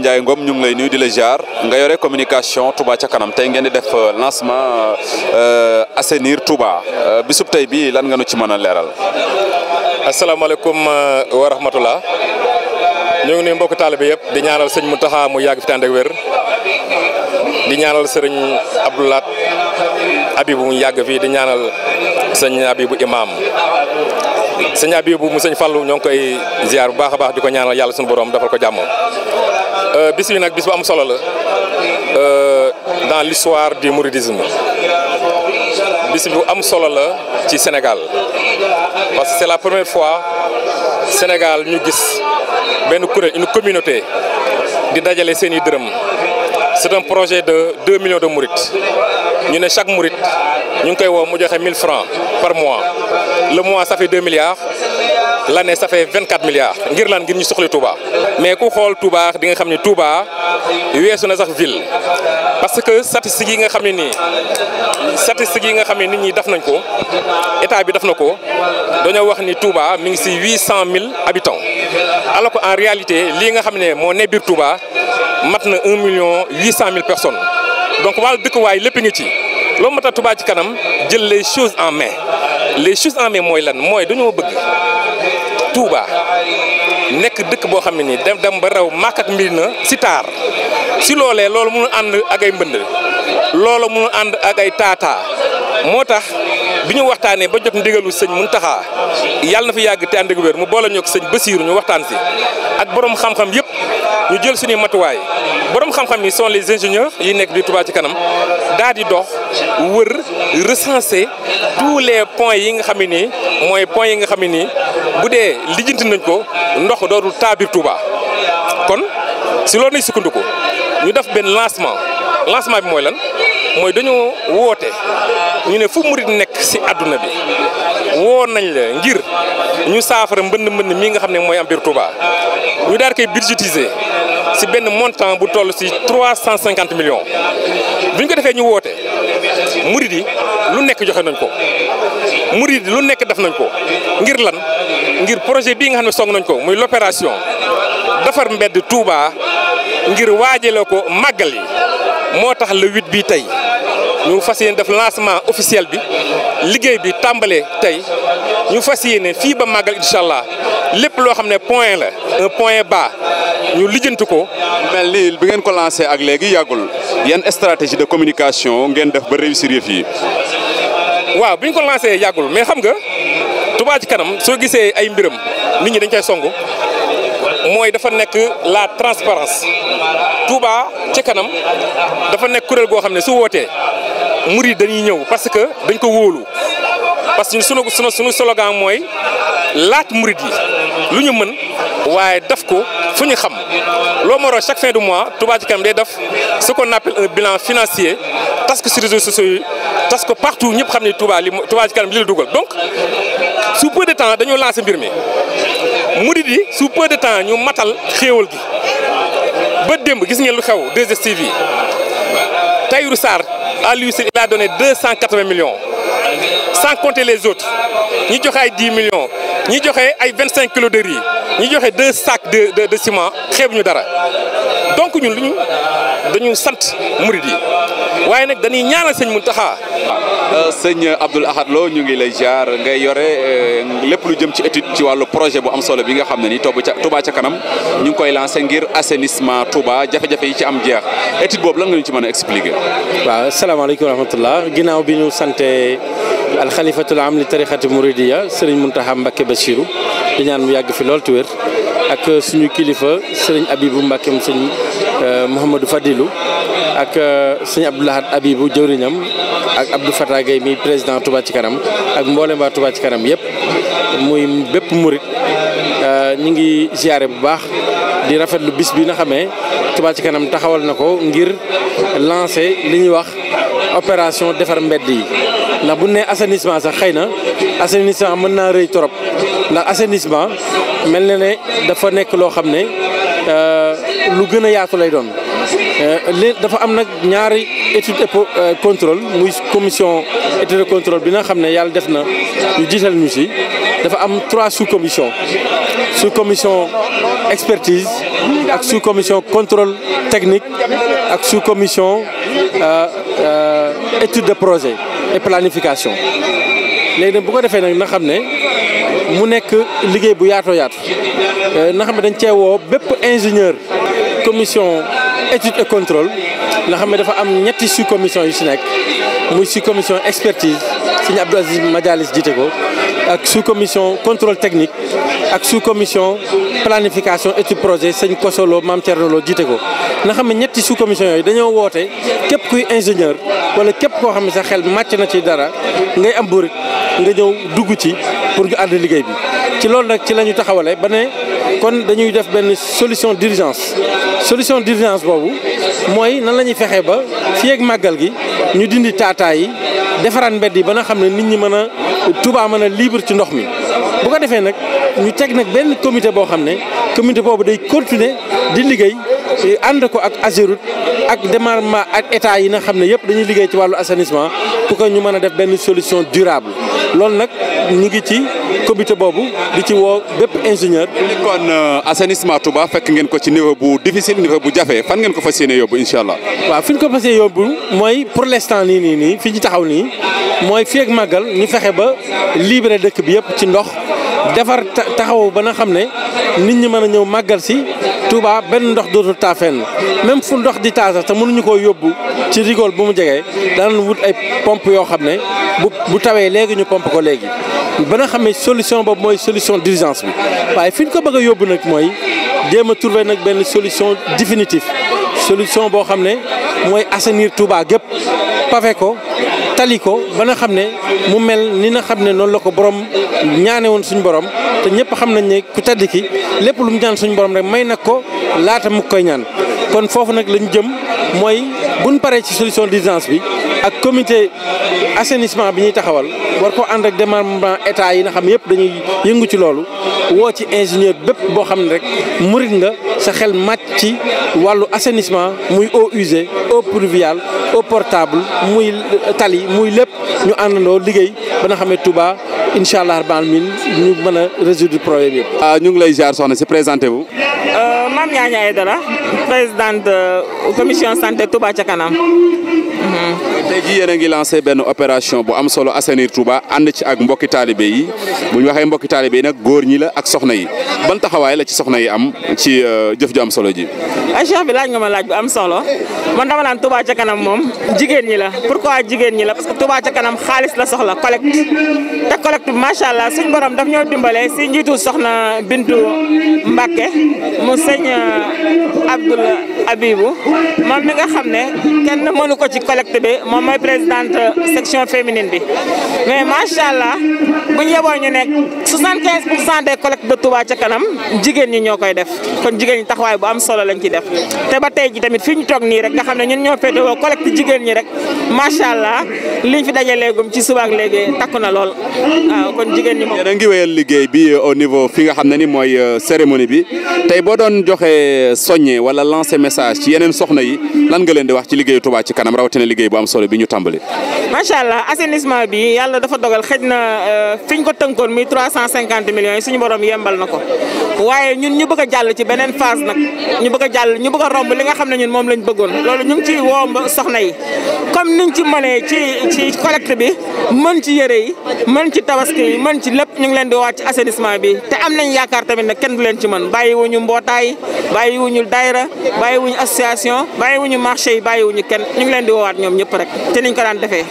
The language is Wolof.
Ndiaye Ngom ñu lay nuyu di la ziar nga yore communication Touba ca kanam tey ngeen di def euh, lancement euh, assenir tuba euh, bisub tey bi lan nga nu ci mën a leeral. asalaamaaleykum wa rahmatullah ñu ngi nuyu mbokk taalibe yëpp di ñaanal sëñ Mountakha mu yàgg fi tànd ak wér di ñaanal sëriñ Abdou Lahat Abibu mu yàgg fii di ñaanal sëñ Abibu Imaam. sëñ Abibu mu sëñ Fallou ñoo ngi koy ziar bu baax a baax di ko ñaanal yàlla suñu borom defal ko jàmm Euh, bis bi nag bis bu am solo la euh, dans l'histoire du mouridisme bis bu am solo la ci Sénégal parce que c'est la première fois Sénégal ñu gis benn kuréel une communauté di dajale seen i dërëm c'est un projet de deux millions de mourides ñu ne chaque mouride ñu ngi koy woo mu joxe mille francs par mois le mois ça fait 2 milliards l'année ça fait vingt quatre milliards ngir lan ngir ñu soxla Touba mais ku xool Touba di nga xam ne Touba weesu na sax ville parce que statistiques yi nga xam ne nii statistiques yi nga xam ne nit ñi def nañ ko état bi def na ko dañoo wax ni Touba mi ngi si huit cent mille habitants alors que en réalité lii nga xam ne moo ne biir Touba mat na un million huit cent mille personnes donc wàllu dëkkuwaay lépp ngi ci loolu moo tax ci kanam jël les choses en mais les choses en main mooy lan mooy dañoo bëgg. Touba nekk dëkk boo xam ne nii dem dem ba raw màkk ak mbir na si taar si loolee loolu mënul ànd ak ay mbënd loolu mënul ànd ak ay taataa moo tax bi ñu waxtaanee ba jot ndigalu sëñ mu taxa yàlla na fi yàgg te ànd ak wér mu boole ñoo ko sëñ Basiiru ñu waxtaan si ak boroom xam-xam yëpp ñu jël suñuy matuwaay boroom xam-xam yi sont les ingénieurs yi nekk di Touba ci kanam daal dox wër recenser tous les points yi nga xam nii mooy point yi nga xam ne nii bu dee lijjanti nañ ko ndox dooru taa biir Touba kon si loolu nañ sukkandiku ñu def benn lancement lancement bi mooy lan mooy dañoo woote ñu ne fu murit nekk si adduna bi woo nañ la ngir ñu saafara mbënd mbënd mii nga xam ne mooy am biir Touba ñu daal koy budgétiser si benn montant bu toll si trois cent cinquante millions bu ñu ko defee ñu woote. murid yi lu nekk joxe nañ ko murid yi lu nekk def nañ ko ngir lan ngir projet bi nga xam ne song nañ ko muy l'opération defar mbedd Touba ngir waajale ko màggal yi moo tax le huit bii tey ñu fas yéene def lancement officiel bi liggéey bi tàmbalee tey ñu fas ne fii ba màggal incha allah lépp loo xam ne point la un point bas ñu lijjanti ko. mel ni bi ngeen ko lancé ak léegi yàggul yan stratégie de communication ngeen def ba réussir yëf yi. waaw bi ñu ko lancé yàggul mais xam nga Touba ci kanam soo gisee ay mbiram nit ñi dañ cay songu mooy dafa nekk la transparence Touba ci kanam dafa nekk kuréel goo xam ne su wootee murid dañuy ñëw parce que dañ ko wóolu. parce que ñun sunu sunu sunu slogan mooy laat murit yi lu ñu mën waaye def ko fu ñu xam loo moro chaque fin du mois Touba Ca Kanam day def ce qu'on appelle bilan financier tas ko ci réseaux sociaux yi tas partout ñëpp xam ni Touba li Touba Ca Kanam li la dugal donc sous peu de temps dañoo lancer mbir mi murit yi sous peu de temps ñu matal xéewal gi ba démb gis ngeen lu xew 2STV Tahirou Sarr à lui seul il cent quatre-vingts millions sans compter les autres ñi joxe ay 10 millions ñi joxe ay 25 kilos de riz ñi joxe deux sacs de de de ciment xeebu ñu dara donc ñun lu ñu dañu sant murid yi waaye nag dañuy ñaanal sëñ Muntaxa. Euh, sëñ Abdoul Ahad Lo ñu ngi lay jaar ngay yore euh, lépp lu jëm ci étude ci wàllu projet bu am solo bi nga xam ne ni Touba ca kanam ñu ngi koy lancé ngir assainissement Touba jafe-jafe yi ci am jeex étude boobu lan nga ñu ci mën a expliquer. waaw salaamaaleykum wa rahmatullah ginnaaw bi alxalifatul am li tarixati muridiya sëriñ Muntaxa Mbacke Bachiru di ñaan mu yàgg fi lool tu wér ak suñu kilifa sëriñ Abibu Mbacke mu euh, sëriñ Mouhamadou Fadilu ak euh, sëriñ Abdoulahat Abibu jëwriñam ak Abdou Fatah Gueye mi président Touba ci kanam ak mboolem waa Touba ci kanam yëpp muy bépp murit euh, ñu ngi ziare bu baax di rafetlu bis bi nga xamee Touba ci kanam taxawal na ko ngir lancer li ñuy wax. opération defar mbedd yi ndax bu nee assainissement sax xëy na assainissement mën naa rëy trop ndax assainissement mel na ne dafa nekk loo xam ne euh, lu gën a yaatu lay doon euh, li dafa am nag ñaari étude et euh, contrôle muy commission étude control bi nga xam ne yàlla def na ñu jiital ñu si dafa am trois sous commission sous commission expertise ak sous commission control technique ak sous commission Euh, étude de projet et planification léegi nag bu ko defee nag na xam ne mu nekk liggéey bu yaato yaat euh, na xam ne dañ cee woo bépp ingénieur commission étude et contrôle nga xam ne dafa am ñetti sous commission yu si nekk mu si commission expertise Sëñ Abdou Aziz Madialis jiite ko. ak sous commission contrôle technique ak sous commission planification étude projet sëñ Kosoloo maam Thierno Lo jiite ko. nga xam ne ñetti sous commission yooyu dañoo woote képp kuy ingénieur wala képp koo xam ne sa xel màcc na ci dara ngay am burit nga ñëw dugg ci pour ñu ànd liggéey bi. ci loolu nag ci la ñu taxawalee ba ne kon dañuy def benn solution d'urgence solution d'urgence boobu mooy nan la ñuy fexee ba fii ak màggal gi ñu dindi taataa yi defaraat mbedd Touba mën a libre ci ndox mi bu ko defee nag ñu teg nag benn comité boo xam ne comité boobu day continuer di liggéey ànd ko ak Ageroute ak démembrement ak état yi na xam ne yëpp dañuy liggéey ci wàllu assainissement pour que ñu mën a def benn solution durable loolu nag ñu ngi ci comité boobu di ci woo bépp ingénieur. kon euh, assainissement Touba fekk ngeen ko ci niveau bu difficile niveau bu jafe fan ngeen ko fas yéene yóbbu incha allah. waa fi ñu ko fas yéene yóbbu mooy pour l'instant nii nii nii fi ñu taxaw nii mooy fii màggal ñu fexe ba libéré dëkk bi yëpp ci ndox defar taxaw ba nga xam ne nit ñi mën a ñëw màggal si. Touba benn ndox dootul taa fenn même fu ndox di taa sax te mënuñu koo yóbbu ci rigole bu mu jegee danañ wut ay pompe yoo xam ne bu bu tawee léegi ñu pompe ko léegi ba nga xam ne solution boobu mooy solution d'urgence bi waaye fi ñu ko bëgg a yóbbu nag mooy jéem a trouver nag benn solution définitive solution boo xam ne mooy assenir Touba gépp pavé ko tali ko ba nga xam ne mu mel ni nga xam ne noonu la ko borom ñaane woon suñu borom te ñëpp xam nañ ne ku tedd ki lépp lu mu ñaan suñu borom rek may nag ko laata mu koy ñaan kon foofu nag lañu jëm mooy buñ paree ci solution d'urgence bi ak comité assainissement bi ñuy taxawal war ko ànd ak démembrement état yi na xam yëpp dañuy yëngu ci loolu woo ci ingénieur bépp boo xam ne rek murit nga sa xel màcc ci wàllu assainissement muy eau usée eau pluviale eau portable muy tali muy lépp ñu àndandoo liggéey ba nga xam incha allah rabbil alamin ñu mën a résoudre problème yëpp. Ah, ñu ngi lay jaar soxna si présenté wu. Euh, Mame Niania Aidara présidente commission santé Touba ca kanam. Mhm. tey ji yéen a ngi lancé benn opération bu am solo assainir Touba ànd ci ak mbokki taalibe yi bu ñu waxee mbokki taalibe yi nag góor ñi la ak soxna yi ban taxawaay la ci soxna yi am ci euh, jëf ju am solo ji. ay cheikh bi laaj nga ma laaj bi am solo man dama naan Touba ca kanam moom jigéen ñi la pourquoi jigéen ñi la parce que Touba ca kanam xaalis la soxla collecte te collecte macha allah suñ borom daf ñoo dimbale si njiitu soxna Bintu Mbacke mu sëñ euh, Abdoulaye. Abibou moom mi nga xam ne kenn mënu ko ci collecte bi moom mooy présidente section féminine bi mais macha allah bu ñu yeboo ñu nekk 75 pour cent des collectes de Touba ca kanam jigéen ñi ñoo koy def kon jigéen ñi taxawaay bu am solo lañ ci def te ba tey ji tamit fii ñu toog nii rek nga xam ne ñun ñoo féetewoo collecte jigéen ñi rek macha allah liñ fi dajaleegum ci suba ak léegi takku na lool waaw kon jigéen ñi moom. da ngi wéyal bi euh, au niveau nga xam ni mooy euh, cérémonie bi tey boo doon euh, message ci yeneen soxna yi lan nga leen di wax ci liggéeyu Touba ci kanam rawatina liggéey bu am solo bi ñu tàmbali. macha allah assainissement bi yàlla dafa dogal xëj na euh, fi ko tënkoon muy 350 millions yi suñu borom yembal na ko waaye ñun ñu bëgg a jàll ci beneen phase nag ñu bëgg a jàll ñu bëgg a romb li nga xam ne ñun moom lañ bëggoon loolu ñu ngi ciy soxna yi comme niñ ci mënee ci ci bi mën ci yére yi mën ci tabaski yi mën ci lépp ñu ngi leen di woo ci assainissement bi te am nañ yaakaar tamit nag bàyyiwuñu association bàyyiwuñu marché yi bàyyiwuñu kenn ñu ngi leen di woowaat ñoom ñëpp rek te niñ ko daan defee